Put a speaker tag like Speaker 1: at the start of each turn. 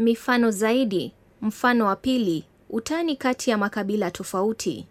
Speaker 1: Mifano zaidi, mfano wa pili, utani kati ya makabila tofauti.